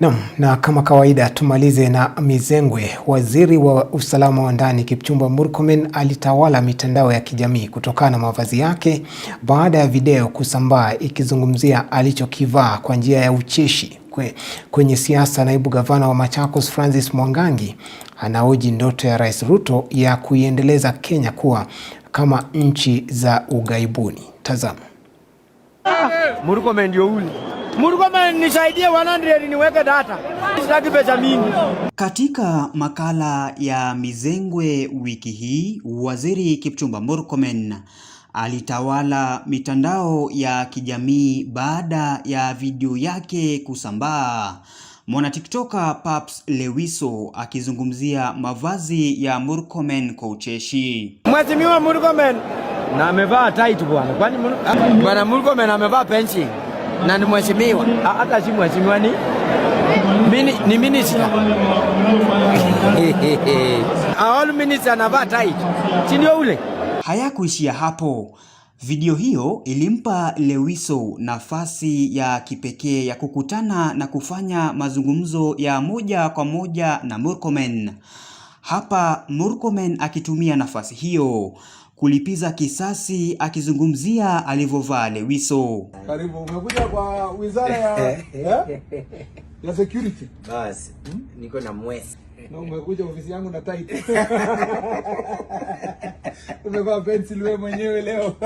Naam, na kama kawaida tumalize na mizengwe. Waziri wa usalama wa ndani Kipchumba Murkomen alitawala mitandao ya kijamii kutokana na mavazi yake baada ya video kusambaa ikizungumzia alichokivaa kwa njia ya ucheshi. Kwenye siasa, naibu gavana wa Machakos Francis Mwangangi anaoji ndoto ya Rais Ruto ya kuiendeleza Kenya kuwa kama nchi za ughaibuni. Tazama. Murkomen ndio huyu. Mlikuwa nisaidie 100 niweke data. Sitaki pesa mingi. Katika makala ya Mizengwe wiki hii, Waziri Kipchumba Murkomen alitawala mitandao ya kijamii baada ya video yake kusambaa. Mwana TikToker Paps Lewiso akizungumzia mavazi ya Murkomen kwa ucheshi. Mheshimiwa Murkomen na amevaa tight bwana. Kwani bwana Murkomen amevaa pensi na ni mheshimiwa. Ah, hata si mheshimiwa ni mini, ni minister all minister na si ndio Ule hayakuishia hapo. Video hiyo ilimpa Lewiso nafasi ya kipekee ya kukutana na kufanya mazungumzo ya moja kwa moja na Murkomen. Hapa Murkomen akitumia nafasi hiyo kulipiza kisasi, akizungumzia alivyovaa Lewiso. Karibu, umekuja kwa wizara ya ya, eh, eh, eh, ya security. Basi hmm? niko na mwesi. na umekuja ofisi yangu na tight umevaa pencil wewe mwenyewe leo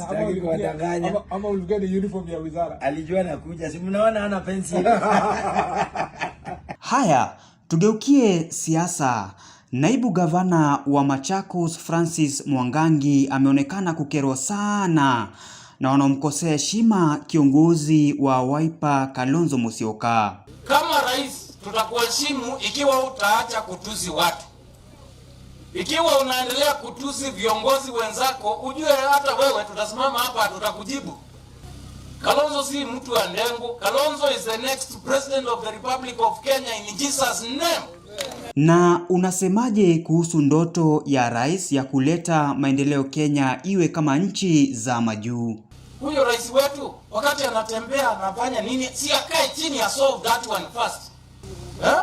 Sitaki kuwadanganya. ama, ama na uniform ya wizara. Alijua nakuja, si mnaona ana pencil. Haya, tugeukie siasa. Naibu gavana wa Machakos Francis Mwangangi ameonekana kukerwa sana na wanaomkosea heshima kiongozi wa Wiper Kalonzo Musyoka. Kama rais, tutakuheshimu ikiwa utaacha kutusi watu. Ikiwa unaendelea kutusi viongozi wenzako, ujue hata wewe tutasimama hapa, tutakujibu. Kalonzo si mtu wa ndengu. Kalonzo is the next president of the Republic of Kenya in Jesus name. Na unasemaje kuhusu ndoto ya rais ya kuleta maendeleo Kenya iwe kama nchi za majuu? Huyo rais wetu wakati anatembea anafanya nini? Si akae chini ya solve that one first. Eh?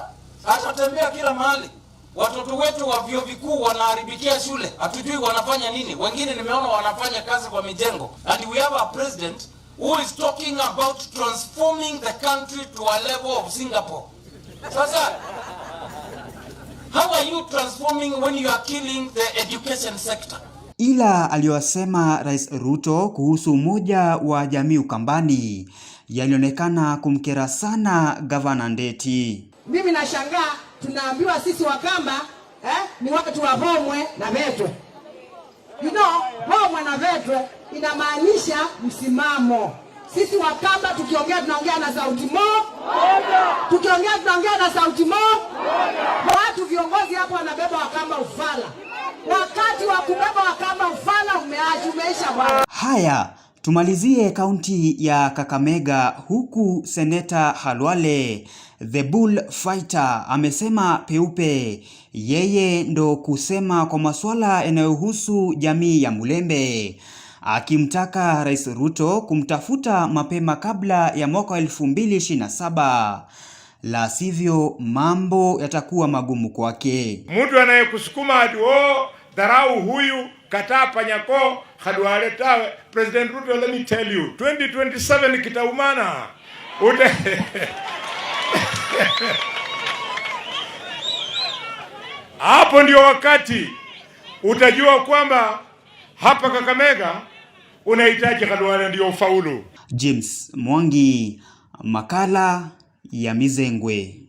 Atatembea kila mahali. Watoto wetu wa vyuo vikuu wanaharibikia shule, hatujui wanafanya nini. Wengine nimeona wanafanya kazi kwa mijengo. And we have a president who is talking about transforming the country to a level of Singapore. Sasa are you transforming when you are killing the education sector? Ila aliyosema Rais Ruto kuhusu umoja wa jamii Ukambani yalionekana kumkera sana Gavana Ndeti. Mimi nashangaa tunaambiwa sisi Wakamba eh, ni watu wa Vomwe na Vetwe. You know, Vomwe na Vetwe inamaanisha msimamo sisi Wakamba tukiongea tunaongea na sauti moja, tukiongea tunaongea na sauti moja. Watu viongozi hapo wanabeba Wakamba ufala, wakati wa kubeba Wakamba ufala umeacha, umeisha bwana. Haya, tumalizie kaunti ya Kakamega, huku seneta Halwale the bull fighter amesema peupe yeye ndo kusema kwa masuala yanayohusu jamii ya Mulembe akimtaka Rais Ruto kumtafuta mapema kabla ya mwaka wa 2027, la sivyo mambo yatakuwa magumu kwake. Mtu anayekusukuma hadi oo, dharau huyu, kataa panyako hadualetawe. President Ruto, let me tell you 2027 kitaumana Ute... Hapo ndio wakati utajua kwamba hapa Kakamega unahitaji Khalwale ndio ufaulu. James Mwangi, makala ya Mizengwe.